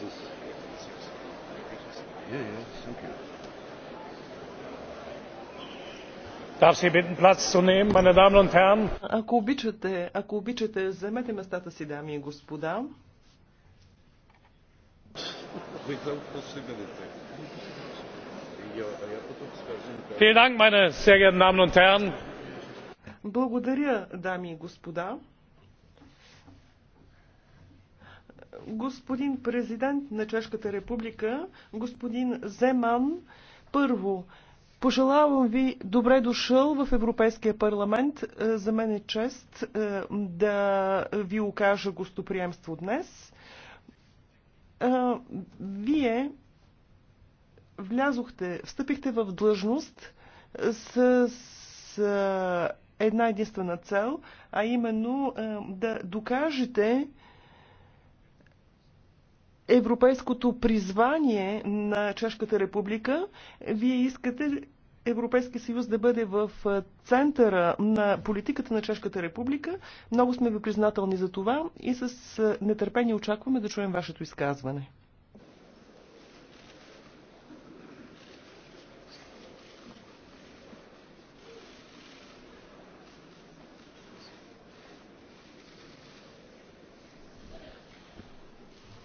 this. Yeah, yeah, thank you. Darf Sie bitten, Platz zu nehmen, meine Damen und Herren? Ако обичате, ако обичате, вземете местата си, дами и господа. Vielen Dank, meine sehr geehrten Damen und Herren. Благодаря, дами и господа. господин президент на Чешката република, господин Земан. Първо, пожелавам ви добре дошъл в Европейския парламент. За мен е чест е, да ви окажа гостоприемство днес. Е, вие влязохте, встъпихте в длъжност с, с е, една единствена цел, а именно да докажете, европейското призвание на Чешката република. Вие искате Европейския съюз да бъде в центъра на политиката на Чешката република. Много сме ви признателни за това и с нетърпение очакваме да чуем вашето изказване.